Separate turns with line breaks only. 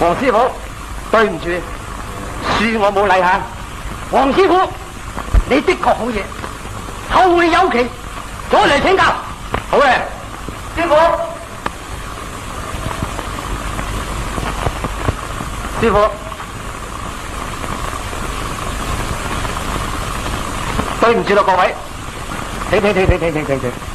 黃師傅，對唔住，恕我冇禮下。黃師傅，你的確好嘢，後會有期，再嚟請教。好嘅，師傅，師傅，對唔住啦，各位，停停停停停停停。